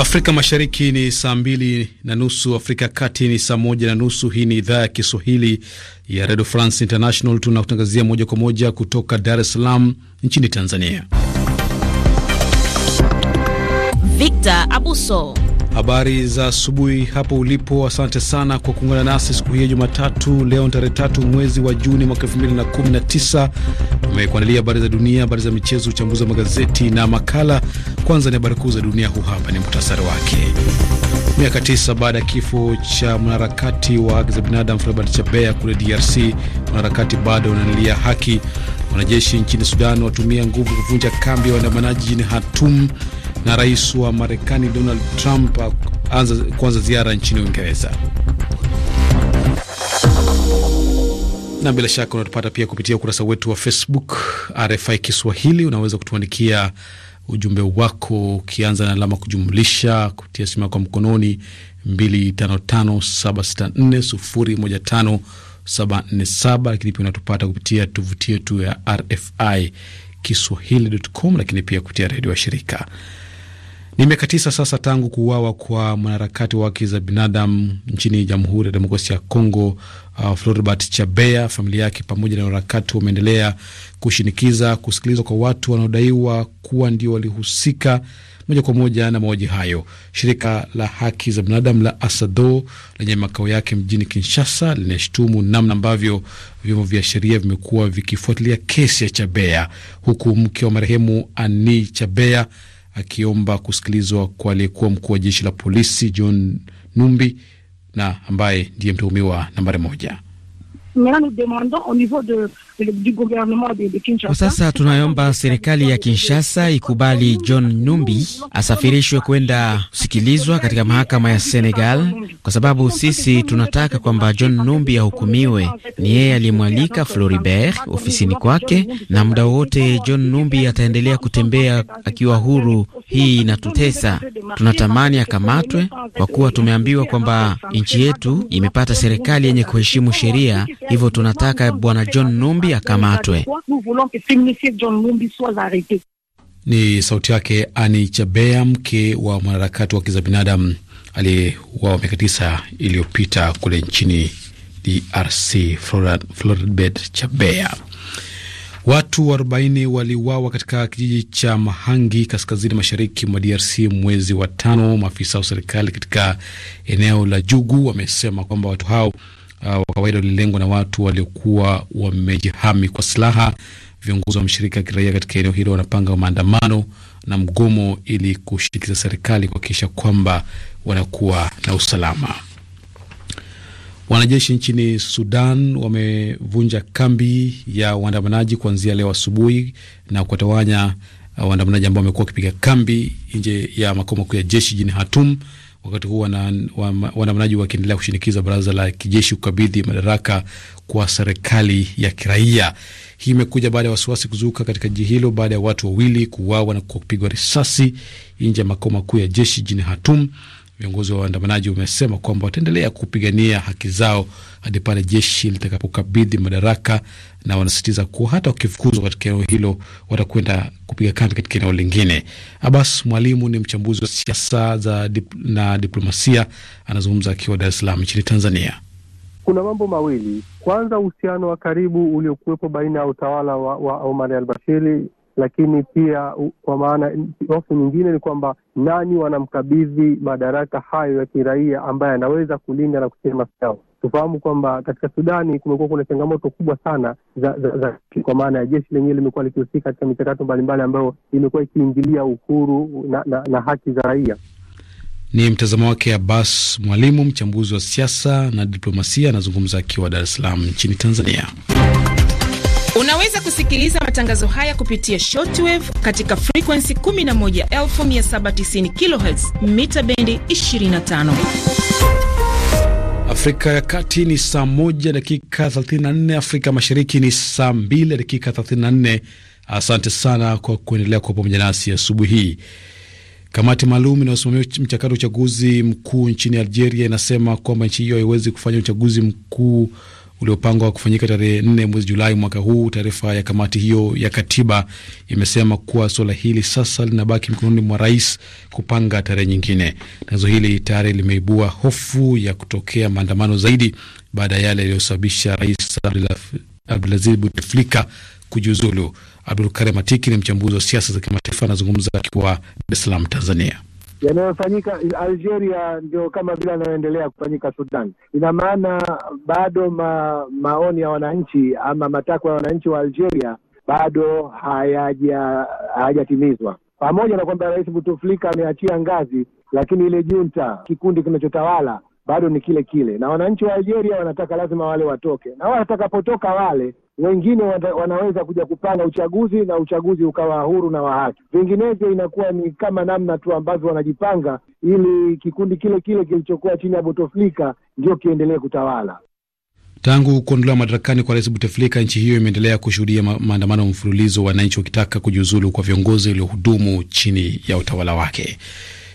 Afrika Mashariki ni saa mbili na nusu, Afrika ya Kati ni saa moja na nusu. Hii ni idhaa ya Kiswahili ya Redio France International, tunakutangazia moja kwa moja kutoka Dar es Salaam nchini Tanzania. Victor Abuso Habari za asubuhi hapo ulipo. Asante sana kwa kuungana nasi siku hii ya Jumatatu. Leo ni tarehe tatu mwezi wa Juni mwaka tisa. Tumekuandalia habari za dunia, habari za michezo, uchambuzi wa magazeti na makala. Kwanza ni habari kuu za dunia, huu hapa ni muhtasari wake. Miaka tisa baada ya kifo cha mwanaharakati wa haki za binadamu Flebert chabea kule DRC, wanaharakati bado wanalilia haki. Wanajeshi nchini Sudan watumia nguvu kuvunja kambi ya wa waandamanaji jijini Hatum na rais wa Marekani Donald Trump anza kuanza ziara nchini Uingereza. Na bila shaka unatupata pia kupitia ukurasa wetu wa Facebook RFI Kiswahili. Unaweza kutuandikia ujumbe wako ukianza na alama kujumlisha kupitia simu yako mkononi 255764015747, lakini pia unatupata kupitia tovuti yetu ya RFI Kiswahili.com, lakini pia kupitia redio ya shirika ni miaka tisa sasa tangu kuuawa kwa mwanaharakati wa haki za binadamu nchini Jamhuri ya Demokrasia ya Kongo, uh, Floribert Chebeya. Familia yake pamoja na wanaharakati wameendelea kushinikiza kusikilizwa kwa watu wanaodaiwa kuwa ndio walihusika moja kwa moja na mauaji hayo. Shirika la haki za binadamu la ASADO lenye makao yake mjini Kinshasa linashutumu namna ambavyo vyombo vya sheria vimekuwa vikifuatilia kesi ya chabea huku mke wa marehemu Ani chabea akiomba kusikilizwa kwa aliyekuwa mkuu wa jeshi la polisi John Numbi na ambaye ndiye mtuhumiwa nambari moja. Kwa sasa tunaomba serikali ya Kinshasa ikubali John Numbi asafirishwe kwenda kusikilizwa katika mahakama ya Senegal, kwa sababu sisi tunataka kwamba John Numbi ahukumiwe. Ni yeye aliyemwalika Floribert ofisini kwake, na muda wote John Numbi ataendelea kutembea akiwa huru. Hii inatutesa, tunatamani akamatwe, kwa kuwa tumeambiwa kwamba nchi yetu imepata serikali yenye kuheshimu sheria Hivyo tunataka bwana John Numbi akamatwe. Ni sauti yake Ani Chabea, mke wa mwanaharakati wa haki za binadamu aliyeuawa miaka tisa iliyopita kule nchini DRC, Floribert Chabea. Watu arobaini waliuawa katika kijiji cha Mahangi kaskazini mashariki mwa DRC mwezi wa tano. Maafisa wa serikali katika eneo la Jugu wamesema kwamba watu hao uh, wa kawaida walilengwa na watu waliokuwa wamejihami kwa silaha. Viongozi wa mashirika ya kiraia katika eneo hilo wanapanga wa maandamano na mgomo ili kushinikiza serikali kuhakikisha kwamba wanakuwa na usalama. Wanajeshi nchini Sudan wamevunja kambi ya waandamanaji kuanzia leo asubuhi na kuwatawanya ah, waandamanaji ambao wamekuwa wakipiga kambi nje ya makao makuu ya jeshi jijini Hatum wakati huu waandamanaji wakiendelea kushinikiza baraza la kijeshi kukabidhi madaraka kwa serikali ya kiraia. Hii imekuja baada ya wasiwasi kuzuka katika jiji hilo baada ya watu wawili kuuawa na kupigwa risasi nje ya makao makuu ya jeshi jijini Khartoum. Viongozi wa waandamanaji wamesema kwamba wataendelea kupigania haki zao hadi pale jeshi litakapokabidhi madaraka, na wanasisitiza kuwa hata wakifukuzwa katika eneo hilo watakwenda kupiga kambi katika eneo lingine. Abbas Mwalimu ni mchambuzi wa siasa za dip na diplomasia, anazungumza akiwa Dar es Salaam nchini Tanzania. Kuna mambo mawili. Kwanza, uhusiano wa karibu uliokuwepo baina ya utawala wa Omar al Bashiri lakini pia kwa maana hofu nyingine ni kwamba nani wanamkabidhi madaraka hayo ya kiraia ambaye anaweza kulinda na kusema sawa. Tufahamu kwamba katika Sudani kumekuwa kuna changamoto kubwa sana za, za, za kwa maana ya jeshi lenyewe limekuwa likihusika katika michakato mbalimbali ambayo imekuwa ikiingilia uhuru na, na, na haki za raia. Ni mtazamo wake Abbas Mwalimu, mchambuzi wa siasa na diplomasia, anazungumza akiwa Dar es Salaam nchini Tanzania. Unaweza kusikiliza matangazo haya kupitia shortwave katika frekuensi 11790 kHz mita bendi 25. Afrika ya Kati ni saa 1 dakika 34, Afrika Mashariki ni saa 2 dakika 34. Asante sana kwa kuendelea kwa pamoja nasi asubuhi hii. Kamati maalum inayosimamia mchakato wa uchaguzi mkuu nchini Algeria inasema kwamba nchi hiyo haiwezi kufanya uchaguzi mkuu uliopangwa kufanyika tarehe nne mwezi Julai mwaka huu. Taarifa ya kamati hiyo ya katiba imesema kuwa suala hili sasa linabaki mikononi mwa rais kupanga tarehe nyingine. Tangazo hili tayari limeibua hofu ya kutokea maandamano zaidi baada ya yale yaliyosababisha rais Abdulaziz buteflika kujiuzulu. abdul Karim Atiki ni mchambuzi wa siasa za kimataifa, anazungumza akiwa Dar es Salaam, Tanzania yanayofanyika Algeria ndio kama vile yanayoendelea kufanyika Sudan. Ina maana bado ma, maoni ya wananchi ama matakwa ya wananchi wa Algeria bado hayajatimizwa, pamoja na kwamba Rais Bouteflika ameachia ngazi, lakini ile junta, kikundi kinachotawala bado ni kile kile, na wananchi wa Algeria wanataka lazima wale watoke, na watakapotoka wale wengine wanaweza kuja kupanga uchaguzi na uchaguzi ukawa huru na wa haki. Vinginevyo inakuwa ni kama namna tu ambavyo wanajipanga ili kikundi kile kile kilichokuwa chini ya Bouteflika ndio kiendelee kutawala. Tangu kuondolewa madarakani kwa rais Bouteflika, nchi hiyo imeendelea kushuhudia maandamano ya mfululizo, wananchi wakitaka kujiuzulu kwa viongozi waliohudumu chini ya utawala wake.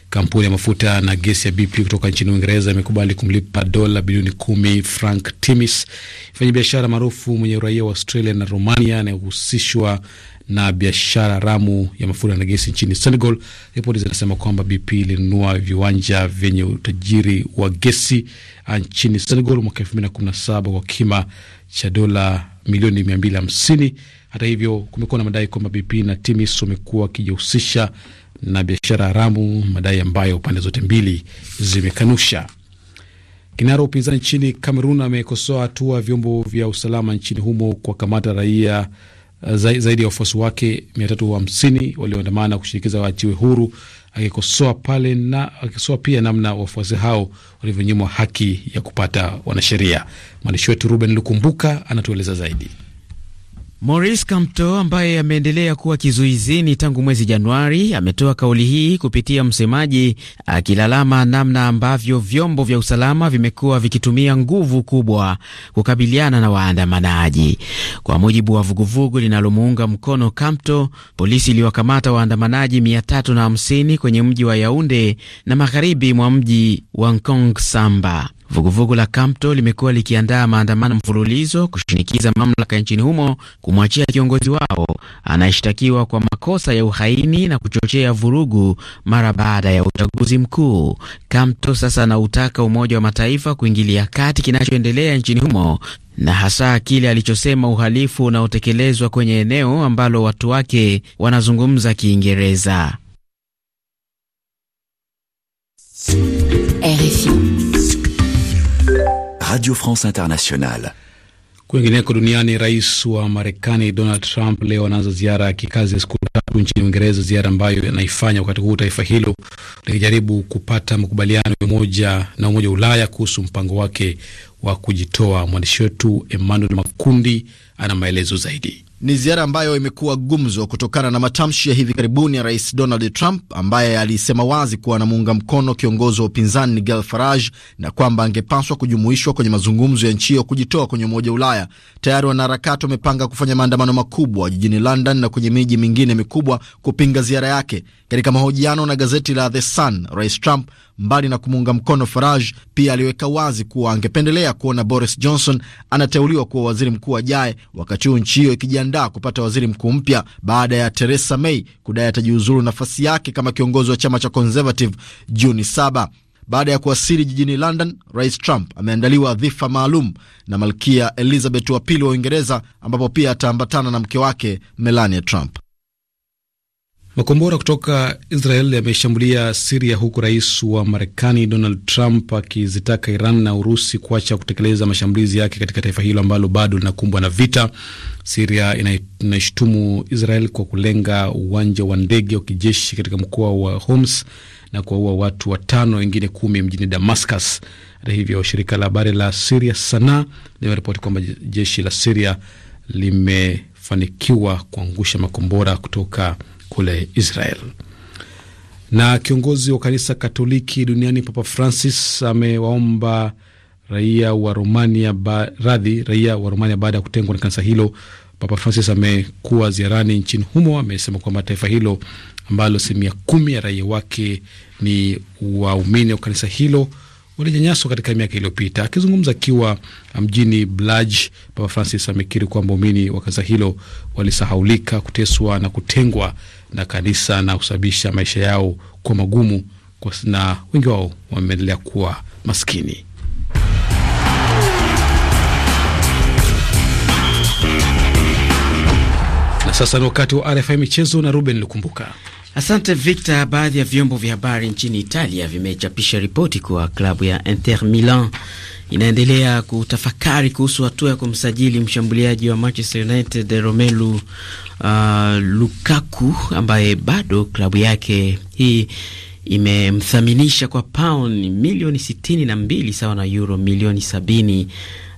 Kampuni ya mafuta na gesi ya BP kutoka nchini Uingereza imekubali kumlipa dola bilioni kumi Frank Timis, mfanyabiashara maarufu mwenye uraia wa Australia na Romania anayehusishwa na biashara ramu ya mafuta na gesi nchini Senegal. Ripoti zinasema kwamba BP ilinunua viwanja vyenye utajiri wa gesi ah, nchini Senegal mwaka saba kwa kima cha dola milioni 250. Hata hivyo, kumekuwa na madai kwamba BP na Timis wamekuwa wakijihusisha na biashara haramu, madai ambayo pande zote mbili zimekanusha. Kinara wa upinzani nchini Kamerun amekosoa hatua vyombo vya usalama nchini humo kwa kamata raia eh, zaidi ya wafuasi wake 350 walioandamana kushinikiza waachiwe huru, akikosoa pale na akikosoa pia namna wafuasi hao walivyonyimwa haki ya kupata wanasheria. Mwandishi wetu Ruben Lukumbuka anatueleza zaidi. Maurice Kamto ambaye ameendelea kuwa kizuizini tangu mwezi Januari ametoa kauli hii kupitia msemaji akilalama namna ambavyo vyombo vya usalama vimekuwa vikitumia nguvu kubwa kukabiliana na waandamanaji. Kwa mujibu wa vuguvugu linalomuunga mkono Kamto, polisi iliwakamata waandamanaji 350 kwenye mji wa Yaunde na magharibi mwa mji wa Nkong Samba. Vuguvugu la Kamto limekuwa likiandaa maandamano mfululizo kushinikiza mamlaka nchini humo kumwachia kiongozi wao anayeshtakiwa kwa makosa ya uhaini na kuchochea vurugu mara baada ya uchaguzi mkuu. Kamto sasa anautaka Umoja wa Mataifa kuingilia kati kinachoendelea nchini humo na hasa kile alichosema uhalifu unaotekelezwa kwenye eneo ambalo watu wake wanazungumza Kiingereza. RFI Radio France Internationale. Kwingineko duniani, rais wa Marekani Donald Trump leo anaanza ziara ya kikazi ya siku tatu nchini Uingereza, ziara ambayo anaifanya wakati huu taifa hilo likijaribu kupata makubaliano ya umoja na Umoja wa Ulaya kuhusu mpango wake wa kujitoa. Mwandishi wetu Emmanuel Makundi ana maelezo zaidi. Ni ziara ambayo imekuwa gumzo kutokana na matamshi ya hivi karibuni ya Rais Donald Trump ambaye alisema wazi kuwa anamuunga mkono kiongozi wa upinzani Nigel Farage na kwamba angepaswa kujumuishwa kwenye mazungumzo ya nchi hiyo kujitoa kwenye Umoja wa Ulaya. Tayari wanaharakati wamepanga kufanya maandamano makubwa jijini London na kwenye miji mingine mikubwa kupinga ziara yake. Katika mahojiano na gazeti la The Sun, Rais Trump Mbali na kumuunga mkono Farage, pia aliweka wazi kuwa angependelea kuona Boris Johnson anateuliwa kuwa waziri mkuu ajaye, wakati huu nchi hiyo ikijiandaa kupata waziri mkuu mpya baada ya Theresa May kudai atajiuzuru nafasi yake kama kiongozi wa chama cha Conservative Juni saba. Baada ya kuwasili jijini London, Rais Trump ameandaliwa dhifa maalum na Malkia Elizabeth wa pili wa Uingereza, ambapo pia ataambatana na mke wake Melania Trump. Makombora kutoka Israel yameshambulia Siria, huku rais wa Marekani Donald Trump akizitaka Iran na Urusi kuacha kutekeleza mashambulizi yake katika taifa hilo ambalo bado linakumbwa na vita. Siria inashutumu Israel kwa kulenga uwanja wa ndege wa kijeshi katika mkoa wa Homs na kuwaua watu watano, wengine kumi mjini Damascus. Hata hivyo, shirika la habari la Siria Sanaa limeripoti kwamba jeshi la Siria limefanikiwa kuangusha makombora kutoka kule Israel. Na kiongozi wa kanisa Katoliki duniani Papa Francis amewaomba raia wa Romania ba, radhi raia wa Romania baada ya kutengwa na kanisa hilo. Papa Francis amekuwa ziarani nchini humo, amesema kwamba taifa hilo ambalo asilimia kumi ya raia wake ni waumini wa kanisa hilo walinyanyaswa katika miaka iliyopita. Akizungumza akiwa uh, mjini Blaj, Papa Francis amekiri kwamba waumini wa kanisa hilo walisahaulika, kuteswa na kutengwa na kanisa na kusababisha maisha yao kuwa magumu kwa, na wengi wao wameendelea kuwa maskini. Na sasa ni wakati wa RFI michezo na Ruben Lukumbuka. Asante Victor. Baadhi ya vyombo vya habari nchini Italia vimechapisha ripoti kuwa klabu ya Inter Milan inaendelea kutafakari kuhusu hatua ya kumsajili mshambuliaji wa Manchester United Romelu uh, Lukaku ambaye bado klabu yake hii imemthaminisha kwa pound milioni sitini na mbili sawa na euro milioni sabini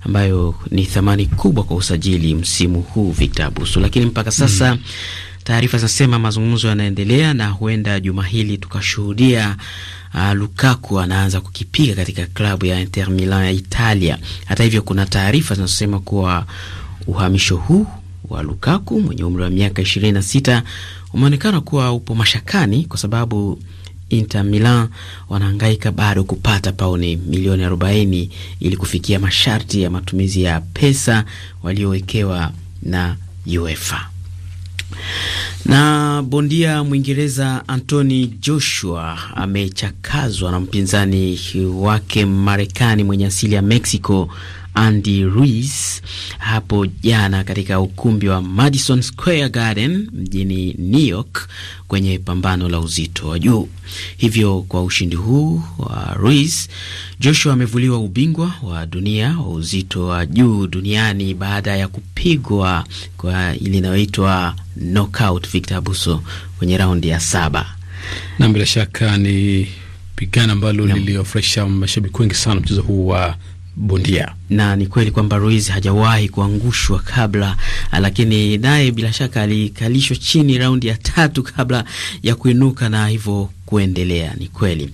ambayo ni thamani kubwa kwa usajili msimu huu Victor Abusu, lakini mpaka sasa mm. Taarifa zinasema mazungumzo yanaendelea na huenda juma hili tukashuhudia uh, Lukaku anaanza kukipiga katika klabu ya Inter Milan ya Italia. Hata hivyo, kuna taarifa zinazosema kuwa uhamisho huu wa Lukaku mwenye umri wa miaka 26 umeonekana kuwa upo mashakani kwa sababu Inter Milan wanahangaika bado kupata pauni milioni 40 ili kufikia masharti ya matumizi ya pesa waliowekewa na UEFA. Na bondia Mwingereza Anthony Joshua amechakazwa na mpinzani wake Marekani mwenye asili ya Mexico Andy Ruiz hapo jana katika ukumbi wa Madison Square Garden mjini New York kwenye pambano la uzito wa juu. Hivyo kwa ushindi huu wa Ruiz, Joshua amevuliwa ubingwa wa dunia wa uzito wa juu duniani baada ya kupigwa kwa ile inayoitwa knockout Victor Abuso kwenye raundi ya saba, na bila shaka ni pigano ambalo liliofurahisha mashabiki wengi sana mchezo huu wa bondia. Na ni kweli kwamba Ruiz hajawahi kuangushwa kabla, lakini naye bila shaka alikalishwa chini raundi ya tatu kabla ya kuinuka na hivyo kuendelea. Ni kweli.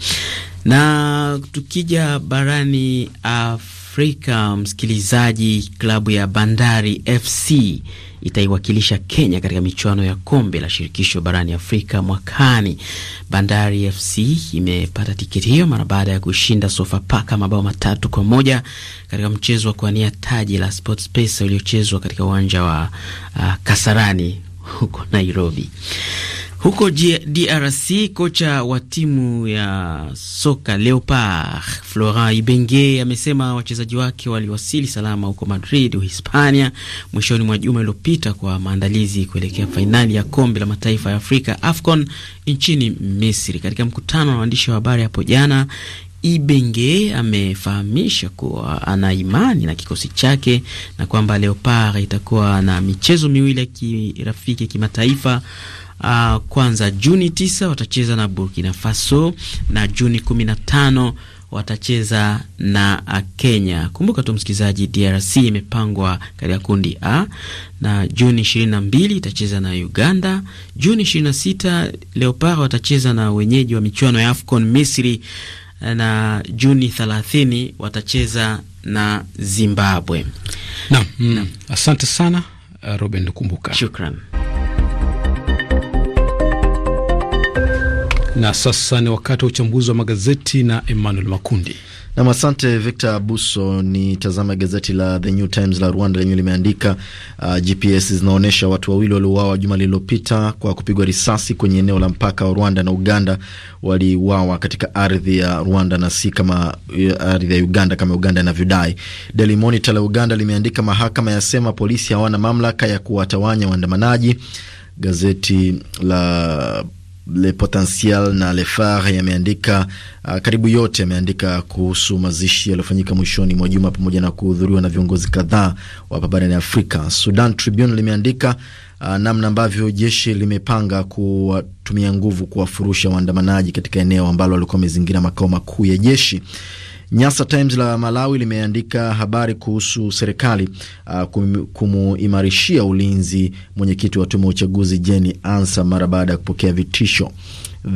Na tukija barani Afrika Afrika, msikilizaji, klabu ya Bandari FC itaiwakilisha Kenya katika michuano ya kombe la shirikisho barani Afrika mwakani. Bandari FC imepata tiketi hiyo mara baada ya kushinda Sofapaka mabao matatu kwa moja katika mchezo wa kuania taji la SportPesa uliochezwa katika uwanja wa uh, Kasarani huko Nairobi. Huko DRC kocha wa timu ya soka Leopard Florent Ibenge amesema wachezaji wake waliwasili salama huko Madrid, Uhispania mwishoni mwa juma iliopita kwa maandalizi kuelekea fainali ya kombe la mataifa ya Afrika AFCON nchini Misri. Katika mkutano na waandishi wa habari hapo jana, Ibenge amefahamisha kuwa ana imani na kikosi chake na kwamba Leopard itakuwa na michezo miwili ya kirafiki kimataifa uh, kwanza Juni tisa watacheza na Burkina Faso na Juni 15 watacheza na ah, Kenya. Kumbuka tu msikilizaji, DRC imepangwa katika kundi A na Juni 22 itacheza na Uganda. Juni 26 Leopard watacheza na wenyeji wa michuano ya AFCON Misri, na Juni 30 watacheza na Zimbabwe. Naam, mm, asante sana Ruben Kumbuka, shukran. Na sasa ni wakati wa uchambuzi wa magazeti na Emmanuel Makundi. Nam, asante Victor Abuso. Ni tazama gazeti la The New Times la Rwanda lenyewe limeandika uh, GPS zinaonyesha watu wawili waliouawa juma lililopita kwa kupigwa risasi kwenye eneo la mpaka wa Rwanda na Uganda waliuawa katika ardhi ya Rwanda na si kama uh, ardhi ya Uganda kama Uganda inavyodai. Daily Monitor la Uganda limeandika mahakama yasema polisi hawana mamlaka ya kuwatawanya waandamanaji. Gazeti la Le Potentiel na Le Phare yameandika uh, karibu yote yameandika kuhusu mazishi yaliyofanyika mwishoni mwa juma pamoja na kuhudhuriwa na viongozi kadhaa wa barani Afrika. Sudan Tribune limeandika uh, namna ambavyo jeshi limepanga kuwatumia nguvu kuwafurusha waandamanaji katika eneo ambalo walikuwa wamezingira makao makuu ya jeshi. Nyasa Times la Malawi limeandika habari kuhusu serikali uh, kumuimarishia ulinzi mwenyekiti wa tume ya uchaguzi Jeni Ansa mara baada ya kupokea vitisho.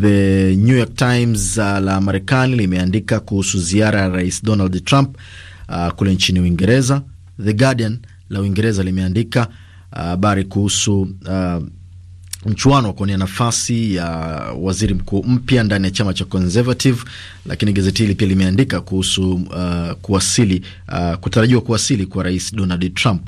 The New York Times uh, la Marekani limeandika kuhusu ziara ya Rais Donald Trump uh, kule nchini Uingereza. The Guardian la Uingereza limeandika uh, habari uh, kuhusu uh, mchuano wa nafasi ya waziri mkuu mpya ndani ya chama cha Conservative, lakini gazeti hili pia limeandika kuhusu uh, kuwasili uh, kutarajiwa kuwasili kwa rais Donald Trump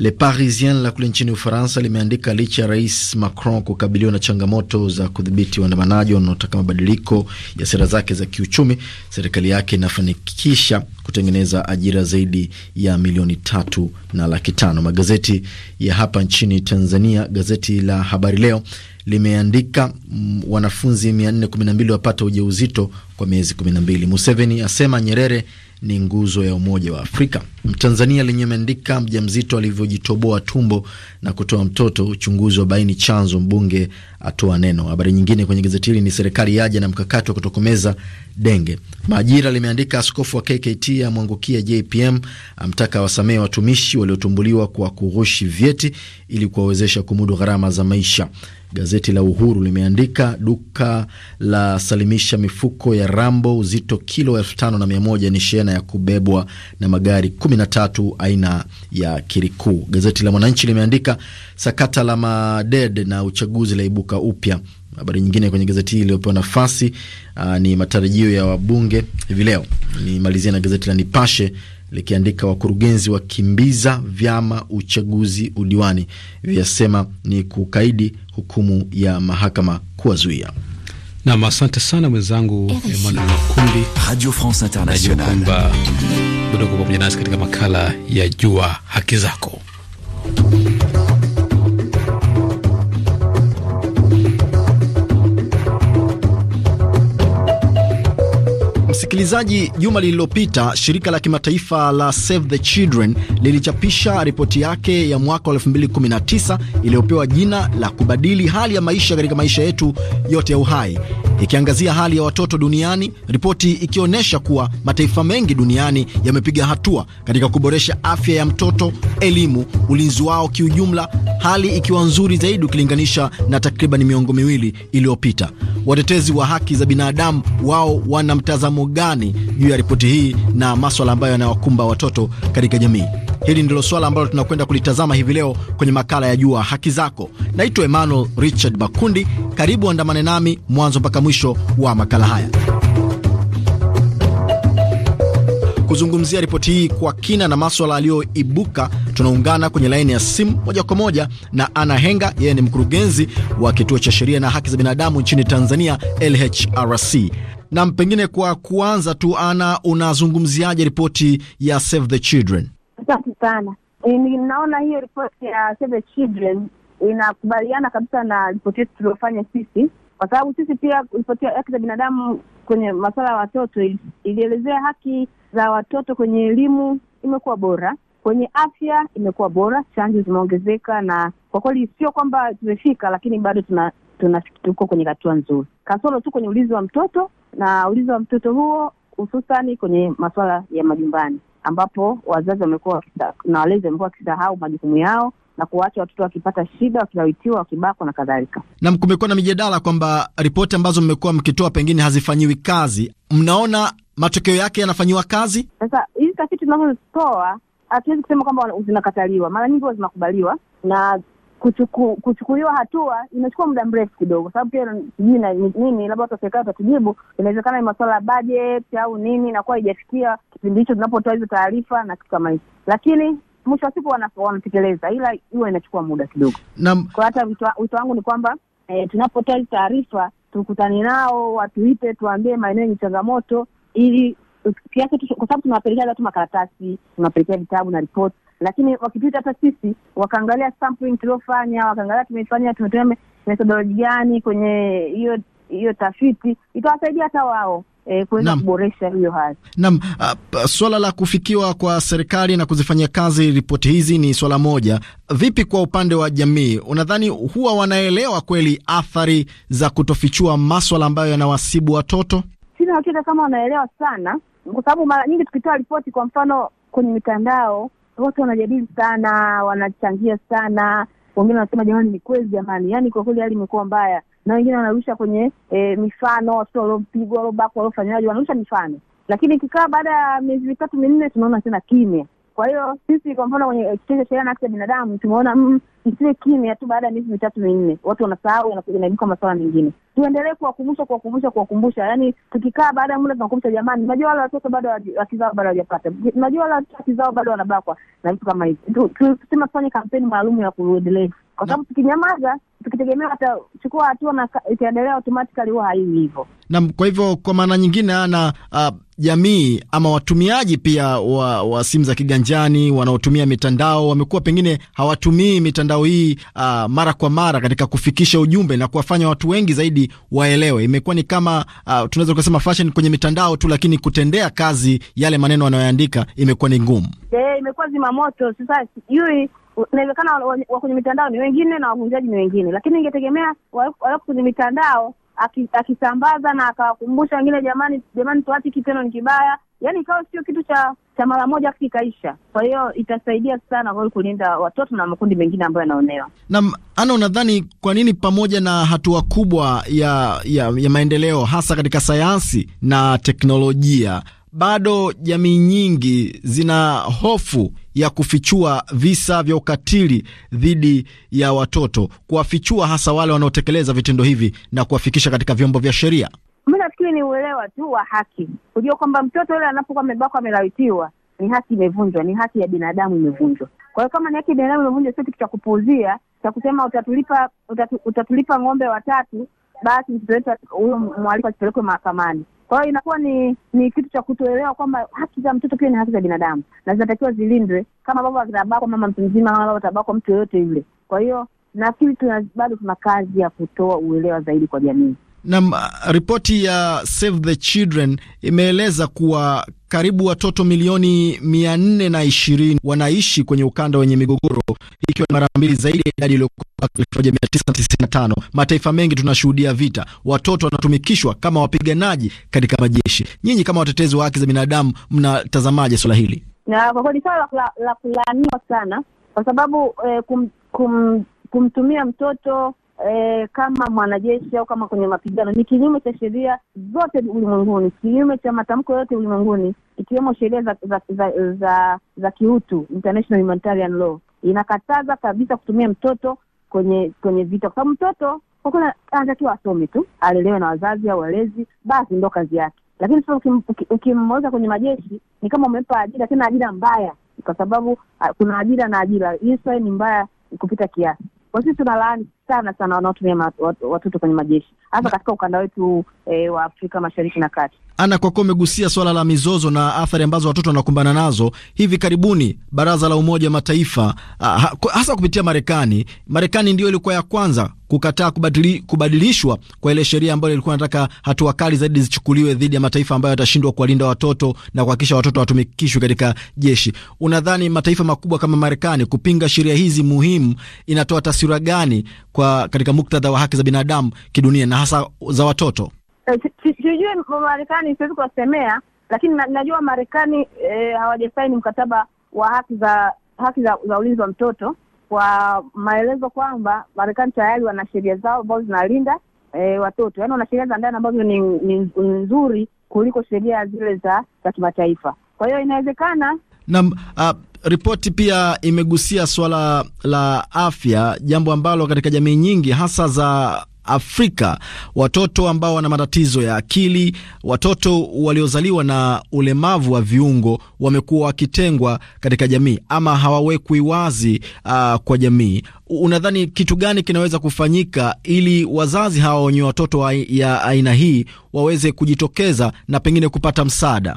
Le Parisien la kule nchini Ufaransa limeandika licha ya rais Macron kukabiliwa na changamoto za kudhibiti waandamanaji wanaotaka mabadiliko ya sera zake za kiuchumi, serikali yake inafanikisha kutengeneza ajira zaidi ya milioni tatu na laki tano. Magazeti ya hapa nchini Tanzania, gazeti la Habari Leo limeandika mm, wanafunzi 412 wapata ujauzito kwa miezi 12. Museveni asema Nyerere ni nguzo ya umoja wa Afrika. Mtanzania lenye ameandika mjamzito alivyojitoboa tumbo na kutoa mtoto, uchunguzi wa baini chanzo, mbunge atoa neno. Habari nyingine kwenye gazeti hili ni serikali yaja na mkakati wa kutokomeza denge. Majira limeandika askofu wa KKT amwangukia JPM, amtaka wasamehe watumishi waliotumbuliwa kwa kughushi vyeti ili kuwawezesha kumudu gharama za maisha. Gazeti la Uhuru limeandika duka la salimisha mifuko ya rambo uzito kilo elfu tano na mia moja ni shehena ya kubebwa na magari 13 aina ya kirikuu. Gazeti la Mwananchi limeandika sakata la maded na uchaguzi laibuka upya. Habari nyingine kwenye gazeti hili iliyopewa nafasi ah, ni matarajio ya wabunge hivi leo. Nimalizie na gazeti la Nipashe likiandika wakurugenzi wakimbiza vyama uchaguzi udiwani, vyasema ni kukaidi hukumu ya mahakama kuwazuia. Nam, asante sana mwenzangu Emmanuel Makundi, Radio France Internationale, kwamba pamoja nasi katika makala ya Jua Haki Zako. Msikilizaji, juma lililopita shirika la kimataifa la Save the Children lilichapisha ripoti yake ya mwaka 2019 iliyopewa jina la kubadili hali ya maisha katika maisha yetu yote ya uhai, ikiangazia hali ya watoto duniani, ripoti ikionyesha kuwa mataifa mengi duniani yamepiga hatua katika kuboresha afya ya mtoto, elimu, ulinzi wao kiujumla, hali ikiwa nzuri zaidi ukilinganisha na takriban miongo miwili iliyopita. Watetezi wa haki za binadamu wao wana mtazamo gani undani juu ya ripoti hii na maswala ambayo yanawakumba watoto katika jamii. Hili ndilo swala ambalo tunakwenda kulitazama hivi leo kwenye makala ya Jua Haki Zako. Naitwa Emmanuel Richard Bakundi. Karibu andamane nami mwanzo mpaka mwisho wa makala haya. Kuzungumzia ripoti hii kwa kina na maswala aliyoibuka, tunaungana kwenye laini ya simu moja kwa moja na Ana Henga. Yeye ni mkurugenzi wa kituo cha sheria na haki za binadamu nchini Tanzania, LHRC na pengine kwa kuanza tu, Ana, unazungumziaje ripoti ya Save the Children? Asante sana. E, Ninaona hiyo ripoti ya Save the Children inakubaliana kabisa na ripoti yetu tuliofanya sisi, kwa sababu sisi pia ripoti ya haki za binadamu kwenye masuala ya watoto ilielezea haki za watoto kwenye elimu imekuwa bora, kwenye afya imekuwa bora, chanjo zimeongezeka, na kwa kweli sio kwamba tumefika, lakini bado tuna, tuko kwenye hatua nzuri, kasoro tu kwenye ulinzi wa mtoto na ulinzi wa mtoto huo hususani kwenye masuala ya majumbani, ambapo wazazi wamekuwa na walezi wamekuwa wakisahau majukumu yao na kuwaacha watoto wakipata shida, wakilawitiwa, wakibakwa na kadhalika. Nam, kumekuwa na mijadala kwamba ripoti ambazo mmekuwa mkitoa pengine hazifanyiwi kazi, mnaona matokeo yake yanafanyiwa kazi? Sasa hizi tafiti tunazotoa hatuwezi kusema kwamba zinakataliwa, mara nyingi huwa zinakubaliwa na kuchuku, kuchukuliwa hatua inachukua muda mrefu kidogo, sababu pia sijui na nini, labda watu serikali watatujibu. Inawezekana ni masuala ya bajeti au nini, inakuwa haijafikia kipindi hicho tunapotoa hizo taarifa na kitu kama hicho, lakini mwisho wa siku wanatekeleza, ila huwa inachukua muda kidogo. Kwa hata wito wangu ni kwamba e, tunapotoa hizi taarifa tukutane nao, watuite, tuambie maeneo yenye changamoto ili kiasi, kwa sababu tunawapelekea tu makaratasi, tunawapelekea vitabu na ripoti lakini wakipita hata sisi wakaangalia sampling tuliofanya, wakaangalia tumefanya tumetumia methodoloji gani kwenye hiyo hiyo tafiti, itawasaidia hata wao E, kuweza kuboresha hiyo hali. Naam, swala la kufikiwa kwa serikali na kuzifanyia kazi ripoti hizi ni swala moja. Vipi kwa upande wa jamii, unadhani huwa wanaelewa kweli athari za kutofichua maswala ambayo yanawasibu watoto? Sina hakika kama wanaelewa sana, kwa sababu mara nyingi tukitoa ripoti, kwa mfano kwenye mitandao, watu wanajadili sana, wanachangia sana, wengine wanasema jamani, ni kweli jamani, yaani kwa kweli hali imekuwa mbaya, na wengine wanarusha kwenye e, mifano watoto waliopigwa, waliobakwa, waliofanyaji, wanarusha mifano, lakini ikikaa baada ya miezi mitatu minne tunaona tena kimya. Kwa hiyo sisi kwa mfano kwenye kituo cha sheria na haki za binadamu tumeona mm, isiwe kimya tu baada ya miezi mitatu minne, watu wanasahau, inaibuka masuala mengine. Tuendelee kuwakumbusha kuwakumbusha kuwakumbusha, yaani tukikaa baada ya muda tunakumbusha, jamani, unajua wale watoto bado wakizao zao bado hawajapata, unajua wale watoto wakizao zao bado wanabakwa na vitu kama hivi. Tusema tufanye kampeni maalum ya kuendelea kwa sababu tukinyamaza, tukitegemea watachukua hatua na itaendelea automatically, huwa haiwi hivyo. Naam, kwa hivyo kwa maana nyingine ana ah, jamii ama watumiaji pia wa, wa simu za kiganjani wanaotumia mitandao wamekuwa pengine hawatumii mitandao hii uh, mara kwa mara katika kufikisha ujumbe na kuwafanya watu wengi zaidi waelewe. Imekuwa ni kama uh, tunaweza kusema fashion kwenye mitandao tu, lakini kutendea kazi yale maneno wanayoandika imekuwa ni ngumu. E, imekuwa zimamoto sasa, sijui inawezekana wa kwenye mitandao ni wengine na wavunjaji ni wengine, lakini ingetegemea waweko kwenye mitandao akisambaza na akawakumbusha wengine, jamani, jamani, tuati kitendo ni kibaya, yaani ikawa sio kitu cha cha mara moja kikaisha. Kwa hiyo itasaidia sana kwa kulinda watoto na makundi mengine ambayo yanaonewa. nam Ana, unadhani kwa nini pamoja na hatua kubwa ya, ya, ya maendeleo hasa katika sayansi na teknolojia bado jamii nyingi zina hofu ya kufichua visa vya ukatili dhidi ya watoto, kuwafichua hasa wale wanaotekeleza vitendo hivi na kuwafikisha katika vyombo vya sheria. Mi nafikiri ni uelewa tu wa haki, kujua kwamba mtoto yule anapokuwa amebakwa, amelawitiwa, ni haki imevunjwa, ni haki ya binadamu imevunjwa. Kwa hiyo kama ni haki ya binadamu imevunjwa, sio kitu cha kupuuzia cha kusema utatulipa, utatu, utatulipa ng'ombe watatu, basi mtoto wetu huyo mhalifu asipelekwe mahakamani. Kwa hiyo inakuwa ni ni kitu cha kutoelewa kwamba haki za mtoto pia ni haki za binadamu na zinatakiwa zilindwe, kama ambavyo atabakwa mama mtu mzima, kama ambavyo atabakwa mtu yoyote yule. Kwa hiyo nafikiri tuna bado tuna kazi ya kutoa uelewa zaidi kwa jamii. Na ripoti ya Save the Children imeeleza kuwa karibu watoto milioni 420 wanaishi kwenye ukanda wenye migogoro, ikiwa ni mara mbili zaidi ya idadi iliyokuwa 1995. Mataifa mengi tunashuhudia vita, watoto wanatumikishwa kama wapiganaji katika majeshi. Nyinyi kama watetezi wa haki za binadamu mnatazamaje swala hili? Na kwa kweli swala la, la kulaaniwa sana kwa sababu eh, kum, kum, kumtumia mtoto e, kama mwanajeshi au kama kwenye mapigano ni kinyume cha sheria zote ulimwenguni, kinyume cha matamko yote ulimwenguni, ikiwemo sheria za za, za za za kiutu, international humanitarian law inakataza kabisa kutumia mtoto kwenye kwenye vita, kwa sababu mtoto kwa kweli anatakiwa asome tu, alelewe na wazazi au walezi, basi ndo kazi yake. Lakini sasa ukimmoza kwenye majeshi ni kama umempa ajira, tena ajira mbaya, kwa sababu ah, kuna ajira na ajira. Hii swali ni mbaya kupita kiasi. Kwa sisi tunalaani sana sana wanaotumia watoto kwenye majeshi hasa mm. katika ukanda wetu e, wa Afrika Mashariki na Kati. Ana, kwa kuwa umegusia swala la mizozo na athari ambazo watoto wanakumbana nazo, hivi karibuni Baraza la Umoja wa Mataifa ah, hasa kupitia Marekani, Marekani ndio ilikuwa ya kwanza kukataa kubadili, kubadilishwa kwa ile sheria ambayo ilikuwa inataka hatua kali zaidi zichukuliwe dhidi ya mataifa ambayo yatashindwa kuwalinda watoto na kuhakikisha watoto watumikishwe katika jeshi. Unadhani mataifa makubwa kama Marekani kupinga sheria hizi muhimu inatoa taswira gani kwa katika muktadha wa haki za binadamu kidunia na hasa za watoto? Eh, sijui Marekani, siwezi kuwasemea, lakini najua Marekani eh, hawajasaini mkataba wa haki za haki za ulinzi wa mtoto, kwa maelezo kwamba Marekani tayari wana sheria zao ambazo zinalinda E, watoto yaani wana sheria za ndani ambazo ni, ni nzuri kuliko sheria zile za za kimataifa. Kwa hiyo inawezekana nam uh, ah, Ripoti pia imegusia suala la afya, jambo ambalo katika jamii nyingi hasa za Afrika watoto ambao wana matatizo ya akili, watoto waliozaliwa na ulemavu wa viungo wamekuwa wakitengwa katika jamii ama hawawekwi wazi uh, kwa jamii. Unadhani kitu gani kinaweza kufanyika ili wazazi hawa wenye watoto ya aina hii waweze kujitokeza na pengine kupata msaada?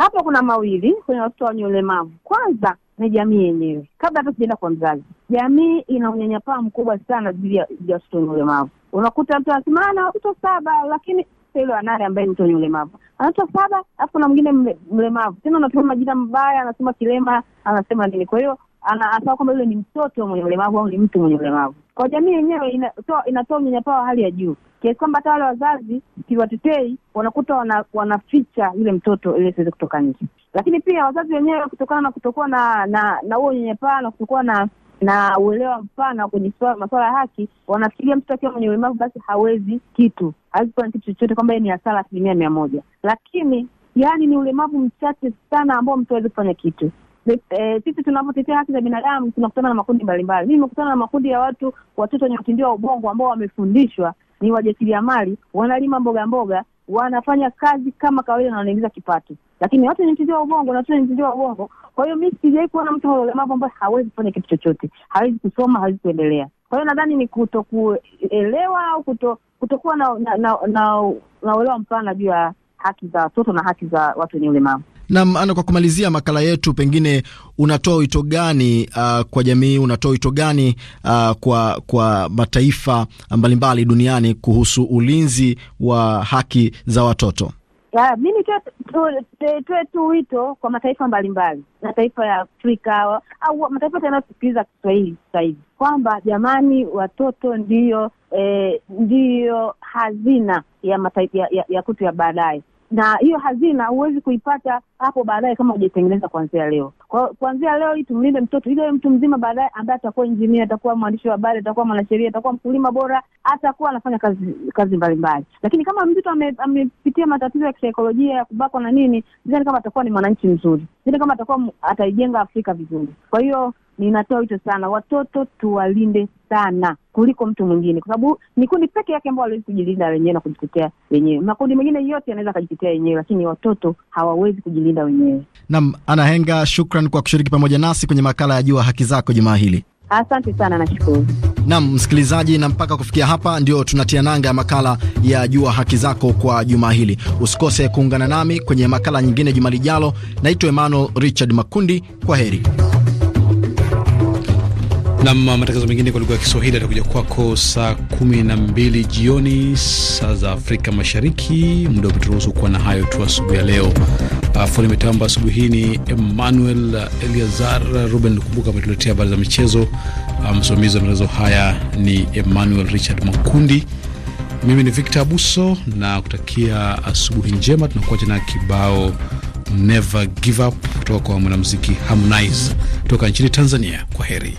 Hapo kuna mawili kwenye watoto wenye ulemavu. Kwanza ni jamii yenyewe, kabla hata sijaenda kwa mzazi, jamii ina unyanyapaa mkubwa sana dhidi ya watoto wenye ulemavu. Unakuta mtu anasema ana watoto saba, lakini hilo anane ambaye ni mtu wenye ulemavu anatoa saba, alafu kuna mwingine mlemavu tena, unatuma majina mabaya, anasema kilema, anasema nini. Kwa hiyo anasema kwamba yule ni mtoto mwenye ulemavu au ni mtu mwenye ulemavu. Kwa jamii yenyewe inatoa inatoa unyanyapaa wa hali ya juu kiasi kwamba hata wale wazazi kiwatetei wanakuta wana, wanaficha yule mtoto ili asiweze kutoka nje. Lakini pia wazazi wenyewe kutokana na kutokuwa na na huo unyenyepaa na kutokuwa na na uelewa mpana kwenye masuala ya haki, wanafikiria mtoto akiwa mwenye ulemavu basi hawezi kitu, hawezi na kitu chochote, kwamba ni hasara asilimia mia moja. Lakini yani ni ulemavu mchache sana ambao mtu awezi kufanya kitu. Eh, sisi e, tunapotetea haki za binadamu tunakutana na makundi mbalimbali. Mimi nimekutana na makundi ya watu, watoto wenye utindio wa ubongo ambao wamefundishwa ni wajasiriamali, wanalima mboga mboga, wanafanya kazi kama kawaida na wanaingiza kipato, lakini watu wenye mtindio ubongo na watu wenye ubongo. Kwa hiyo mi sijai kuona mtu mwenye ulemavu ambaye hawezi kufanya kitu chochote, hawezi kusoma, hawezi kuendelea. Kwa hiyo nadhani ni kutokuelewa au kuto, kutokuwa na na, na, na, na uelewa mpana juu ya haki za watoto na haki za watu wenye ulemavu. Nam ana kwa kumalizia makala yetu, pengine unatoa wito gani uh, kwa jamii? Unatoa wito gani uh, kwa, kwa mataifa mbalimbali duniani kuhusu ulinzi wa haki za watoto? Ya, mimi tu wito kwa mataifa mbalimbali, mataifa ya Afrika au mataifa yote yanayosikiliza Kiswahili sasa hivi kwamba jamani, watoto ndiyo eh, ndiyo hazina ya mataifa ya, ya, ya kutu ya baadaye na hiyo hazina huwezi kuipata hapo baadaye kama hujaitengeneza kuanzia leo. Kwa kuanzia leo hii tumlinde mtoto ili mtu mzima baadaye ambaye atakuwa injinia, atakuwa mwandishi wa habari, atakuwa mwanasheria, atakuwa mkulima bora, atakuwa anafanya kazi kazi mbalimbali. Lakini kama mtoto amepitia ame matatizo ya kisaikolojia ya kubakwa na nini, sidhani kama atakuwa ni mwananchi mzuri, sidhani kama atakuwa ataijenga Afrika vizuri. Kwa hiyo ninatoa wito sana, watoto tuwalinde sana kuliko mtu mwingine, kwa sababu ni kundi peke yake ambao waliwezi kujilinda wenyewe na kujitetea wenyewe. Makundi mengine yote yanaweza akajitetea wenyewe, lakini watoto hawawezi kujilinda wenyewe. Nam Anahenga, shukran kwa kushiriki pamoja nasi kwenye makala ya Jua Haki Zako jumaa hili. Asante sana, nashukuru. Nam msikilizaji, na mpaka kufikia hapa ndio tunatia nanga ya makala ya Jua Haki Zako kwa jumaa hili. Usikose kuungana nami kwenye makala nyingine juma lijalo. Naitwa Emmanuel Richard Makundi, kwa heri na matangazo mengine kwa lugha ya Kiswahili atakuja kwako saa kumi na mbili jioni saa za Afrika Mashariki. Muda umeturuhusu kuwa na hayo tu asubuhi ya leo. Uh, ah, fundi mitambo asubuhi hii ni Emmanuel Eliazar. Ruben Kumbuka ametuletea habari za michezo. Ah, msimamizi wa matangazo haya ni Emmanuel Richard Makundi. Mimi ni Victor Abuso na kutakia asubuhi njema. Tunakuacha na kibao Never Give Up kutoka kwa mwanamuziki Harmonize kutoka nchini Tanzania. Kwa heri.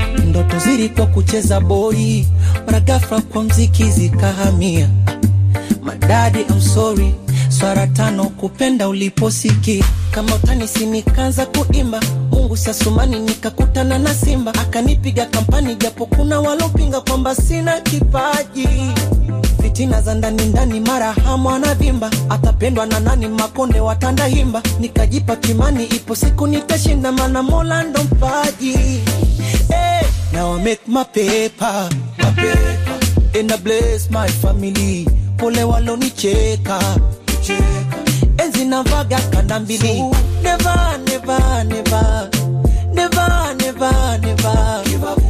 ndoto zilikuwa kucheza boli, mara ghafla kwa mziki zikahamia madadi. I'm sorry, swara tano kupenda uliposikia kama utanisi, nikaanza kuimba Mungu sasumani, nikakutana na simba akanipiga kampani, japo kuna walopinga kwamba sina kipaji fitina za ndani ndani, mara hamu anavimba, vimba, atapendwa na nani? Makonde watanda himba, nikajipa kimani, ipo siku nitashinda, mana Mola ndo mpaji Now I make my paper, my paper. And I bless my family. Pole walonicheka cheka, navaga kanda mbili never, never, never, never, never, never. Give up.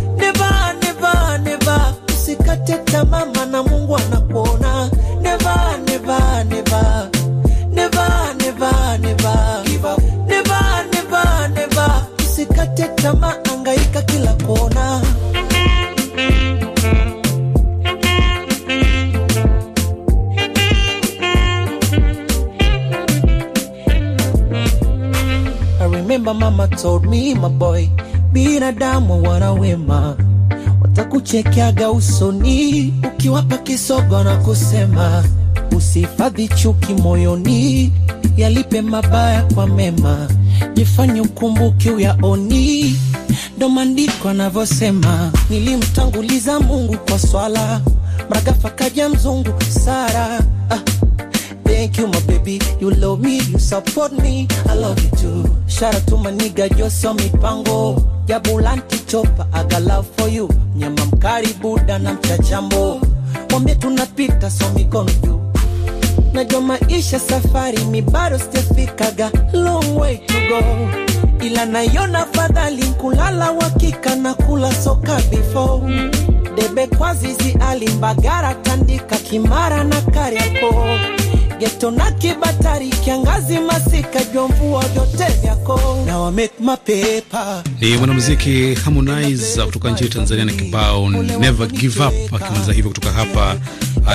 mwa wanawema, watakuchekeaga usoni ukiwapa kisogo na kusema, usihifadhi chuki moyoni, yalipe mabaya kwa mema, jifanye ukumbuke uyaoni. Ndo maandiko anavyosema, nilimtanguliza Mungu kwa swala, mragafa kaja mzungu Sara Thank you, my baby. You love me, you support me. I love you too. Shout out to my nigga yo me pango. Ya bulanti Chopa. I got love for you. Nyama kari buda nam chachambo. mwambie tunapita so mikono juu. Najua maisha safari, mi bado sijafikaga, long way to go, ila naiona fadhali kulala wakika na kula soka before debe kwa zizi alimbagara tandika kimara na kariako Geto na Kibatari, kiangazi, masika, jomvua vyote vyako na wa make mapepa. Ni mwanamuziki Harmonize kutoka nchini Tanzania na kibao Never Give Up, akimaliza hivyo kutoka hapa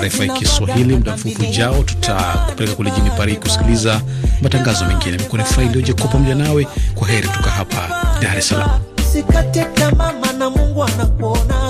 RFI Kiswahili. Muda mfupi ujao tutakupeleka kule jini Paris kusikiliza matangazo mengine. Mekuwa ni furaha iliyoje kuwa pamoja nawe. Kwa heri kutoka hapa Dar es Salaam. Usikate tamaa, na Mungu anakuona.